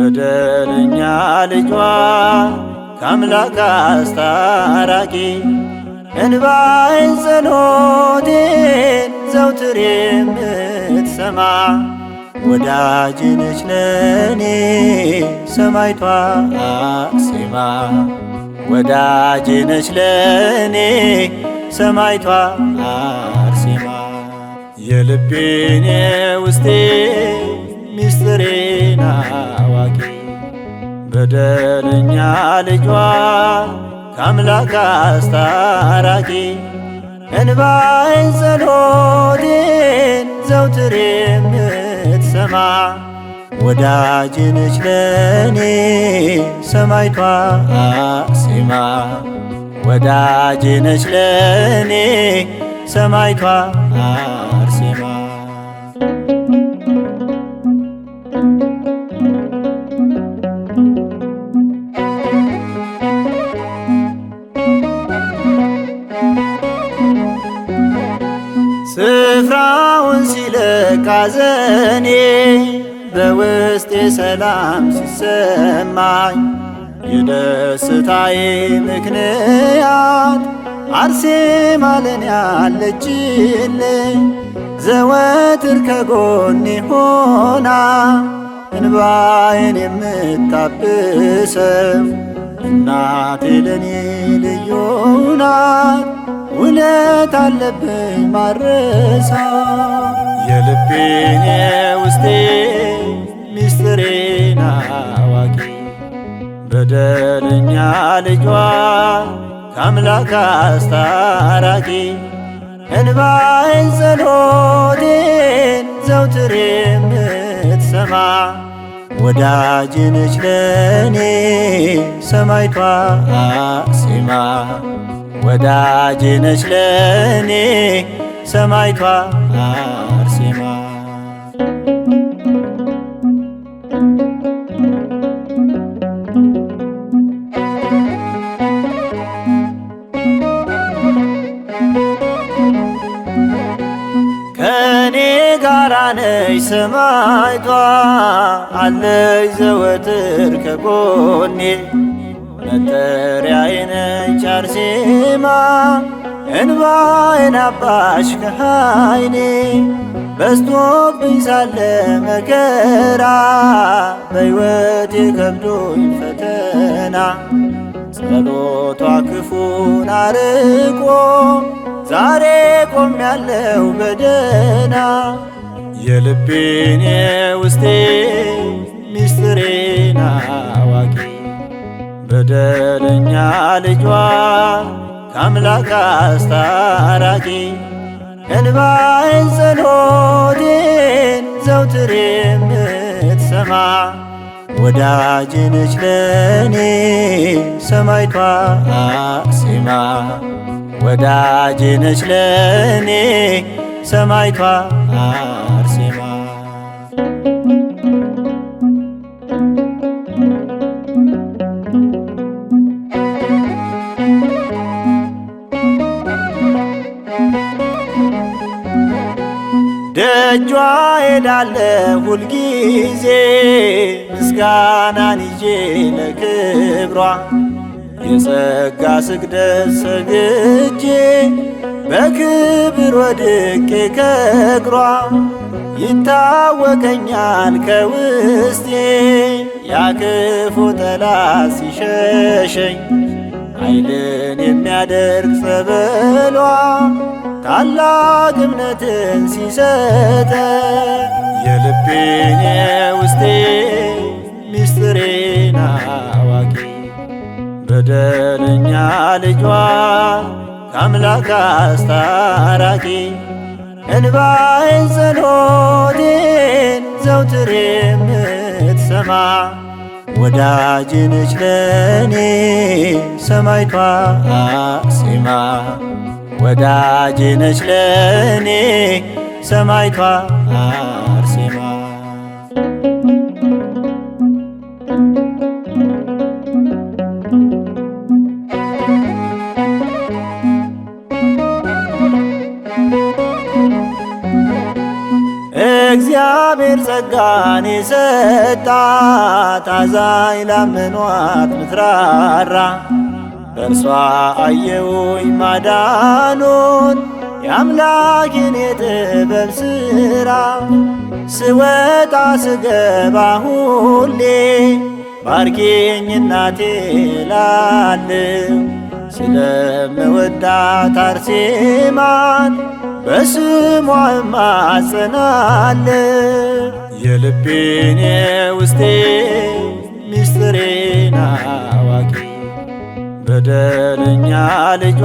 በደለኛ ልጇ ከአምላክ አስታራቂ እንባይን ጸሎቴን ዘውትር የምትሰማ ወዳጅ ነች ለኔ ሰማይቷ አርሴማ ወዳጅ ነች ለኔ ሰማይቷ አርሴማ የልቤን ውስጤ ሚስጥሬን አዋቂ በደለኛ ልጇ ከአምላክ አስታራቂ እንባዬን ጸሎቴን ዘውትር የምትሰማ ወዳጅ ነች ለኔ ሰማዕቷ አርሴማ ወዳጅ ነች ለኔ ሰማዕቷ ሐዘኔ በውስጤ ሰላም ሲሰማኝ የደስታዬ ምክንያት አርሴማ ለኔ ያለችልኝ ዘወትር ከጎኔ ሆና እንባዬን የምታብሰው እናቴ ለኔ ልዩ ናት። ውለት አለብኝ ማረሳ የልቤን ውስጤ ምስጢሬን አዋቂ በደለኛ ልጇ ከአምላክ አስታራቂ እንባዬን ጸሎቴን ዘውትር የምትሰማ ወዳጅ ነች ለእኔ ሰማዕቷ አርሴማ ወዳጅ ነች ለእኔ ሰማዕቷ አለች ሰማይቷ አለች ዘወትር ከጎኔ መጠሪያዬ ነች አርሴማ እንባዬን አባሽ ከዓይኔ በዝቶብኝ ሳለ መከራ በሕይወቴ ከብዶኝ ፈተና ጸሎቷ ክፉን አርቆ ዛሬ ቆሜያለሁ በደህና የልቤን የውስጤ ሚስጥሬን አዋቂ በደለኛ ልጇ ከአምላክ አስታራቂ እንባዬን ጸሎቴን ዘውትር የምትሰማ ወዳጅ ነች ለኔ ሰማዕቷ አርሴማ ወዳጅ ነች ለኔ ሰማዕቷ ደጇ ሄዳለሁ ሁልጊዜ ምስጋናን ይዤ ለክብሯ የጸጋ ስግደት ሰግጄ በክብር ወድቄ ከእግሯ ይታወቀኛል ከውስጤ ያክፉ ጠላት ሲሸሸኝ ኃይልን የሚያደርግ ጸበሏ ታላቅ እምነትን ሲሰጠ የልቤን የውስጤ ሚስጥሬን አዋቂ በደለኛ ልጇ ከአምላክ አስታራቂ እንባዬን ጸሎቴን ዘውትር የምትሰማ ወዳጅ ነች ለኔ ሰማዕቷ አርሴማ ወዳጄ ነች ለእኔ ሰማዕቷ አርሴማ እግዚአብሔር ጸጋን የሰጣት አዛኝ ላመኗት ምትራራ በእርሷ አየውኝ ማዳኖን የአምላኬን የጥበብ ሥራ ስወጣ ስገባ ሁሌ ባርኪኝ እናቴ ላለ ስለምወዳት አርሴማን በስሟ እማጸናለሁ። የልቤን የውስጤ ምስጢሬ ናት በደለኛ ልጇ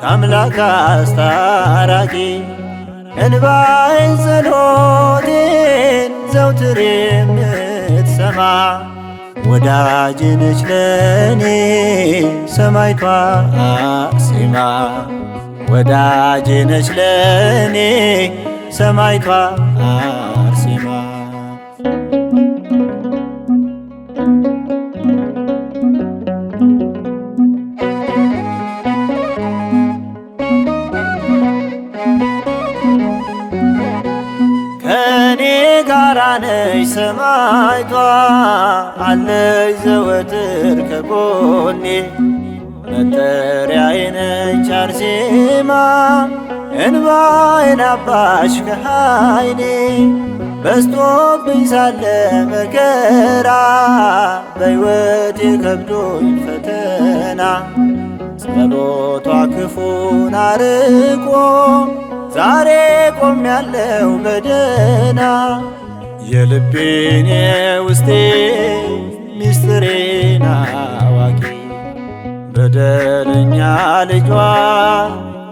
ከአምላክ አስታራቂ እንባዬን ጸሎቴን ዘውትር የምትሰማ ወዳጅ ለኔ ሰማይቷ አርሴማ ወዳጅ ለኔ ሰማይቷ ሰማይቷ አለች ዘወትር ከጎኔ መጠሪያዬ ነች አርሴማ እንባዬን አባሽ ከኃይኔ በዝቶብኝ ሳለ መከራ በሕይወቴ ከብዶኝ ፈተና ጸሎቷ ክፉን አርቆ ዛሬ ቆሜያለሁ በደህና የልቤን የውስጤ ሚስጥሬን አዋቂ በደለኛ ልጇ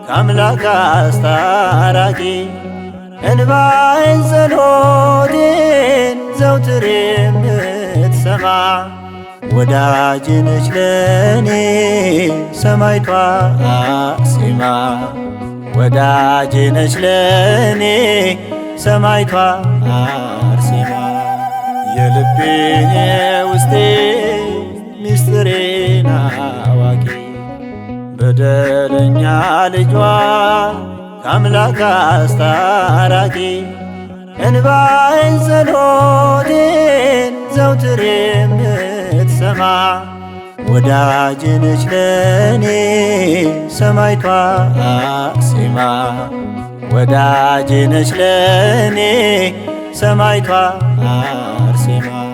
ከአምላክ አስታራቂ እንባዬን ጸሎቴን ዘውትር የምትሰማ ወዳጅ ነች ለኔ ሰማይቷ አርሴማ ወዳጅ ነች ለኔ ሰማይቷ የልቤን ውስጤ ሚስጥሬን አዋቂ በደለኛ ልጇ ከአምላክ አስታራቂ እንባዬን ጸሎቴን ዘውትር የምትሰማ ወዳጅ ነች ለኔ ሰማይቷ አርሴማ ወዳጅ ነች ለኔ ሰማይቷ። my.